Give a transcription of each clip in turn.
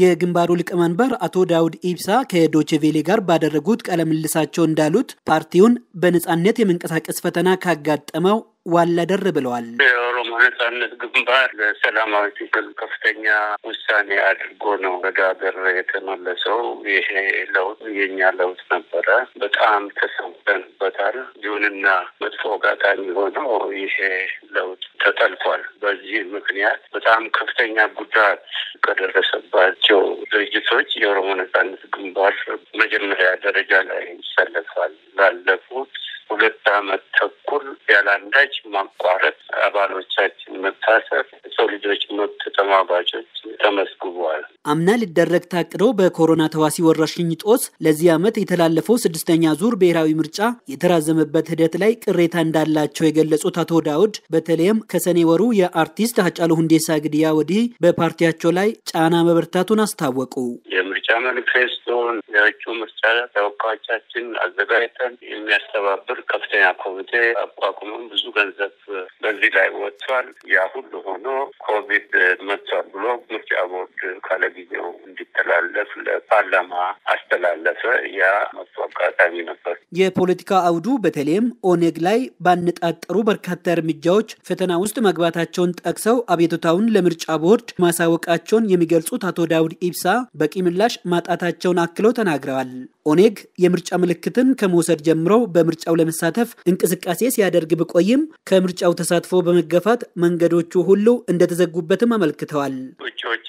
የግንባሩ ሊቀመንበር አቶ ዳውድ ኢብሳ ከዶችቬሌ ቬሌ ጋር ባደረጉት ቃለ ምልልሳቸው እንዳሉት ፓርቲውን በነጻነት የመንቀሳቀስ ፈተና ካጋጠመው ዋለደር ብለዋል። የኦሮሞ ነጻነት ግንባር ለሰላማዊ ትግል ከፍተኛ ውሳኔ አድርጎ ነው ወደ ሀገር የተመለሰው። ይሄ ለውጥ የኛ ለውጥ ነበረ። በጣም ተሰምተንበታል። ይሁንና መጥፎ አጋጣሚ ሆነው ይሄ ለውጥ ተጠልፏል። በዚህ ምክንያት በጣም ከፍተኛ ጉዳት ከደረሰባቸው ድርጅቶች የኦሮሞ ነጻነት ግንባር መጀመሪያ ደረጃ ላይ ይሰለፋል። ላለፉት ሁለት አመት ። በኩል ያላንዳች ማቋረጥ አባሎቻችን መታሰር፣ ሰው ልጆች መብት ተሟጋቾች ተመስግበዋል። አምና ሊደረግ ታቅደው በኮሮና ተዋሲ ወረርሽኝ ጦስ ለዚህ ዓመት የተላለፈው ስድስተኛ ዙር ብሔራዊ ምርጫ የተራዘመበት ሂደት ላይ ቅሬታ እንዳላቸው የገለጹት አቶ ዳውድ በተለይም ከሰኔ ወሩ የአርቲስት አጫሉ ሁንዴሳ ግድያ ወዲህ በፓርቲያቸው ላይ ጫና መበርታቱን አስታወቁ። ማኒፌስቶን የእጩ ምርጫ ተወካዮቻችን አዘጋጅተን የሚያስተባብር ከፍተኛ ኮሚቴ አቋቁመን ብዙ ገንዘብ በዚህ ላይ ወጥቷል። ያ ሁሉ ሆኖ ኮቪድ መጥቷል ብሎ ምርጫ ቦርድ ካለ ጊዜው እንዲ እንዲተላለፍ ለፓርላማ አስተላለፈ። ያ መጥፎ አጋጣሚ ነበር። የፖለቲካ አውዱ በተለይም ኦኔግ ላይ ባነጣጠሩ በርካታ እርምጃዎች ፈተና ውስጥ መግባታቸውን ጠቅሰው አቤቱታውን ለምርጫ ቦርድ ማሳወቃቸውን የሚገልጹት አቶ ዳውድ ኢብሳ በቂ ምላሽ ማጣታቸውን አክለው ተናግረዋል። ኦኔግ የምርጫ ምልክትን ከመውሰድ ጀምሮ በምርጫው ለመሳተፍ እንቅስቃሴ ሲያደርግ ብቆይም ከምርጫው ተሳትፎ በመገፋት መንገዶቹ ሁሉ እንደተዘጉበትም አመልክተዋል። እጩዎች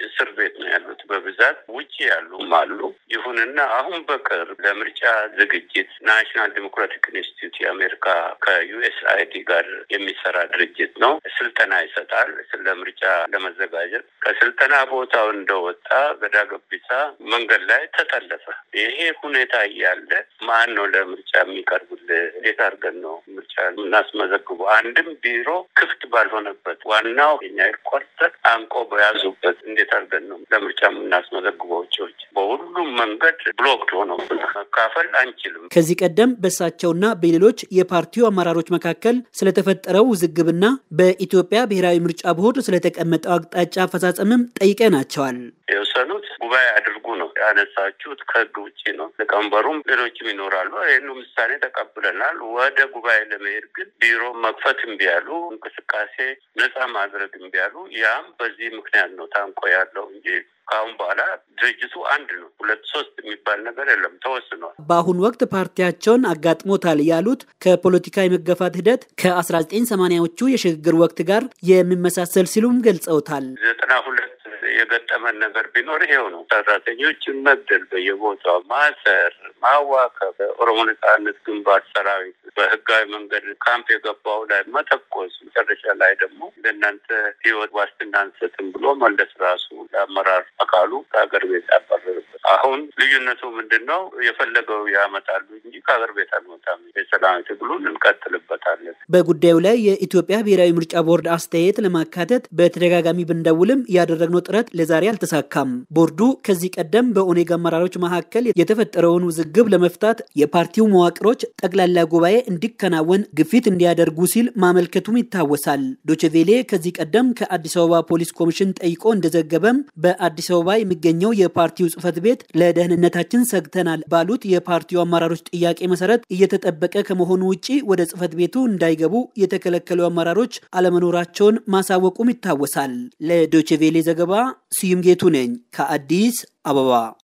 ትእዛዝ ውጭ ያሉ አሉ ይሁንና አሁን በቅርብ ለምርጫ ዝግጅት ናሽናል ዲሞክራቲክ ኢንስቲትዩት የአሜሪካ ከዩኤስ አይዲ ጋር የሚሰራ ድርጅት ነው። ስልጠና ይሰጣል። ስለ ምርጫ ለመዘጋጀት ከስልጠና ቦታው እንደወጣ በዳገቢሳ መንገድ ላይ ተጠለፈ። ይሄ ሁኔታ እያለ ማን ነው ለምርጫ የሚቀርብል እንዴት አድርገን ነው ምርጫ እናስመዘግቡ? አንድም ቢሮ ክፍት ባልሆነበት ዋናው ኛ ሄድኳርተር አንቆ በያዙበት እንዴት አድርገን ነው ለምርጫ የምናስመዘግበው? ውጭዎች በሁሉም መንገድ ብሎክ ሆነውብን መካፈል አንችልም። ከዚህ ቀደም በእሳቸውና በሌሎች የፓርቲው አመራሮች መካከል ስለተፈጠረው ውዝግብና በኢትዮጵያ ብሔራዊ ምርጫ ቦርድ ስለተቀመጠው አቅጣጫ አፈጻጸምም ናቸዋል የመሳሰሉት ጉባኤ አድርጉ ነው ያነሳችሁት። ከህግ ውጭ ነው። ሊቀመንበሩም ሌሎችም ይኖራሉ። ይህን ምሳሌ ተቀብለናል። ወደ ጉባኤ ለመሄድ ግን ቢሮ መክፈት እምቢ እንቅስቃሴ ነጻ ማድረግ እምቢ ያም በዚህ ምክንያት ነው ታንቆ ያለው እንጂ ከአሁን በኋላ ድርጅቱ አንድ ነው፣ ሁለት ሶስት የሚባል ነገር የለም፣ ተወስኗል። በአሁኑ ወቅት ፓርቲያቸውን አጋጥሞታል ያሉት ከፖለቲካ የመገፋት ሂደት ከአስራ ዘጠኝ ሰማንያዎቹ የሽግግር ወቅት ጋር የሚመሳሰል ሲሉም ገልጸውታል። ዘጠና ሁለት የገጠመን ነገር ቢኖር ይሄው ነው። ሰራተኞችን መግደል፣ በየቦታው ማሰር፣ ማዋከብ፣ ኦሮሞ ነጻነት ግንባር ሰራዊት በህጋዊ መንገድ ካምፕ የገባው ላይ መተኮስ፣ መጨረሻ ላይ ደግሞ ለእናንተ ህይወት ዋስትና አንሰጥም ብሎ መለስ ራሱ ለአመራር አካሉ ከሀገር ቤት ያባረርበት። አሁን ልዩነቱ ምንድን ነው? የፈለገው ያመጣሉ እንጂ ከሀገር ቤት አልመጣም። የሰላም ትግሉን እንቀጥልበታለን። በጉዳዩ ላይ የኢትዮጵያ ብሔራዊ ምርጫ ቦርድ አስተያየት ለማካተት በተደጋጋሚ ብንደውልም ያደረግነው ጥረት ስምምነት ለዛሬ አልተሳካም። ቦርዱ ከዚህ ቀደም በኦኔግ አመራሮች መካከል የተፈጠረውን ውዝግብ ለመፍታት የፓርቲው መዋቅሮች ጠቅላላ ጉባኤ እንዲከናወን ግፊት እንዲያደርጉ ሲል ማመልከቱም ይታወሳል። ዶችቬሌ ከዚህ ቀደም ከአዲስ አበባ ፖሊስ ኮሚሽን ጠይቆ እንደዘገበም በአዲስ አበባ የሚገኘው የፓርቲው ጽህፈት ቤት ለደህንነታችን ሰግተናል ባሉት የፓርቲው አመራሮች ጥያቄ መሰረት እየተጠበቀ ከመሆኑ ውጭ ወደ ጽህፈት ቤቱ እንዳይገቡ የተከለከሉ አመራሮች አለመኖራቸውን ማሳወቁም ይታወሳል። ለዶችቬሌ ዘገባ ስዩም ጌቱ ነኝ ከአዲስ አበባ